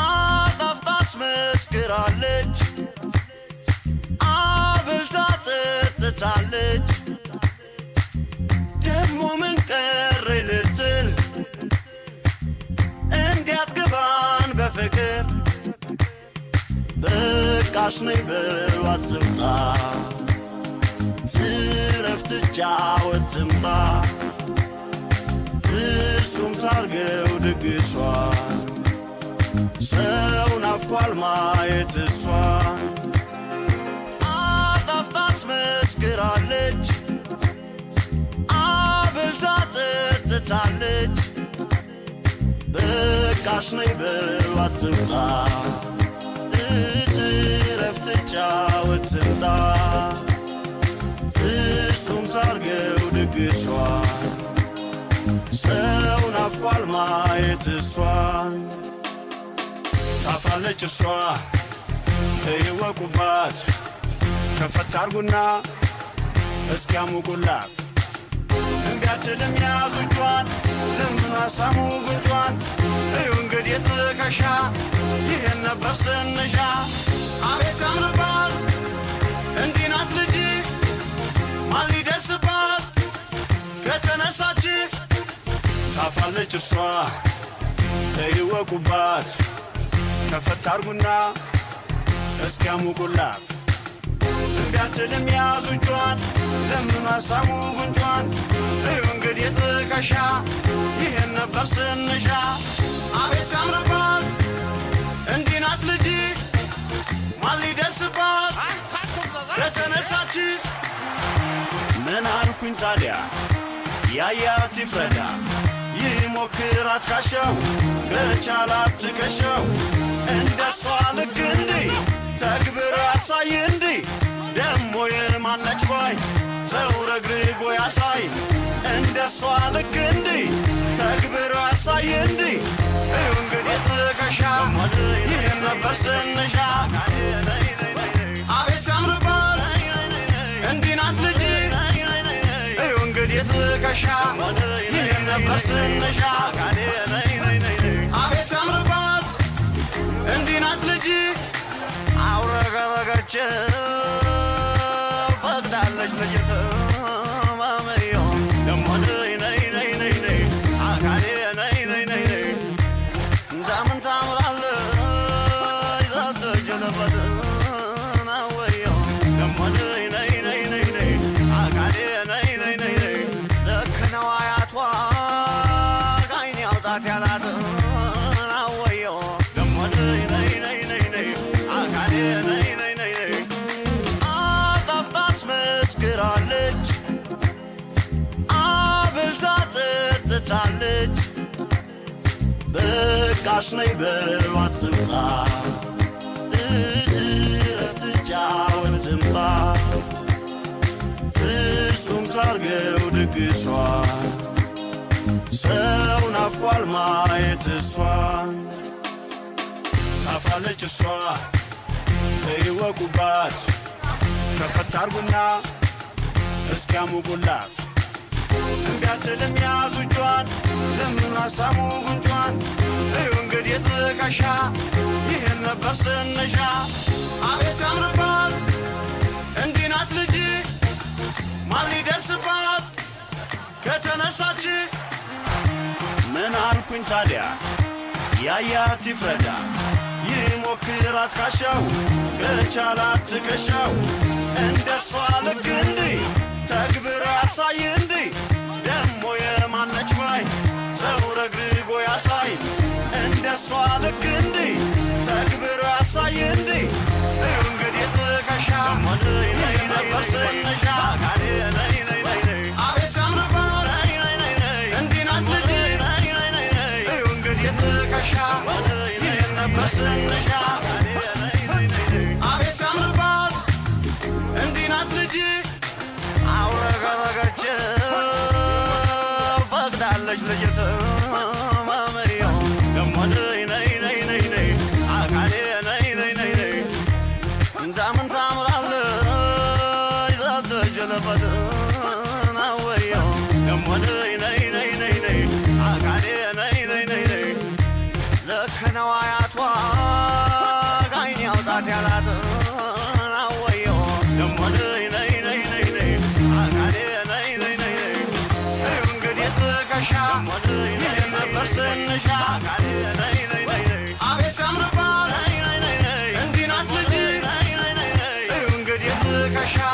አጣፍጣ አስመስክራለች፣ አብልታ ጠጥታለች። ደግሞ ምን ቀረ ልትል እንዲያትግባን በፍቅር በቃሽ ነይ በሏት ትምጣ ትረፍ ትጫወት ትምጣ ፍጹም ታርገው ድግሷን ሰው ናፍቋል ማየት እሷን አጣፍጣ አስመስክራለች አብልታ ጠጥታለች በቃሽ ነኝ ብሏት ትምጣ ትረፍ ትጫወት ትምጣ ድግሷን ሰው ናፍቋል ማየት እሷን ጣፋለች እሷ እይወቁባት ከፈታ አርጉና እስኪያሙቁላት እንቢያትልም ያዙ እጇን ለምኑ አሳሙ ፍንጯን እዩ እንግዲህ ትከሻ ይህን ነበር ስንሻ አቤት ሲያምርባት እንዲህ ናት ልጅ ማን ሊደርስባት ጣፋለች እርሷ እይወቁባት ከፈት አርጉና እስኪያሙቁላት እምቢያትልም ያዙ እጇን ለምናሳሙ ጉንጯን እዩ እንግዲህ ጥቀሻ ይህን ነበር ስንሻ አቤት ሲያምርባት እንዲህ ናት ልጅ ማን ሊደርስባት ለተነሳች ምን አልኩኝ ታዲያ ያያት ይፍረዳ ይሞክራት ካሸው ከቻላት ትከሸው እንደሷ ልክ እንዲ ተግብር አሳይ እንዲ ደሞ የማነች ባይ ተውረግርጎ ያሳይ እንደሷ ልክ እንዲ ተግብር አሳይ እንዲ እንግዲህ ትከሻ ይህን ነበር ስንሻ አቤት ሲያምርባት እንዲህ ናት ልጅ እንግዲህ ትከሻ ነፍስ ነሻ አቤት ሲያምርባት እንዲህ ናት ልጅ አውረገረገች ፈዝዳለች ልጅት ነጋሽ ነይ በሉ አትምጣ እትረፍት ፍጹም ታርገው ሰው ናፍቋል ማየት እሷን ታፋለች እሷ ከፈታርጉና እስኪያሙቁላት ቢያትልም ያዙ እጇን ልናሳሙ ጉንጯን እዩ እንግዲህ ትከሻ ይህን ነበር ስነሻ አቤት ሲያምርባት እንዲህ ናት ልጅ ማን ሊደርስባት ከተነሳች ምን አልኩኝ ታዲያ ያያት ይፍረዳ ይሞክራት ካሻው ከቻላት ትከሻው እንደ ልክ እንዲህ ተግብር አሳይ ደሞ የማነች ባይ ሰው ረግጎ ያሳይ እንደሷ ልክ እንዲ ተግብር አሳይ እንዲ እንግዲህ ትከሻ ነይ ነበር ነይ ነይ ነይ لجلجت ما مريم لما ني ني ني ني ني عاك علي ني ني ني ني دام انت عمر علي زاد جلبت ناوية لما ني pressure.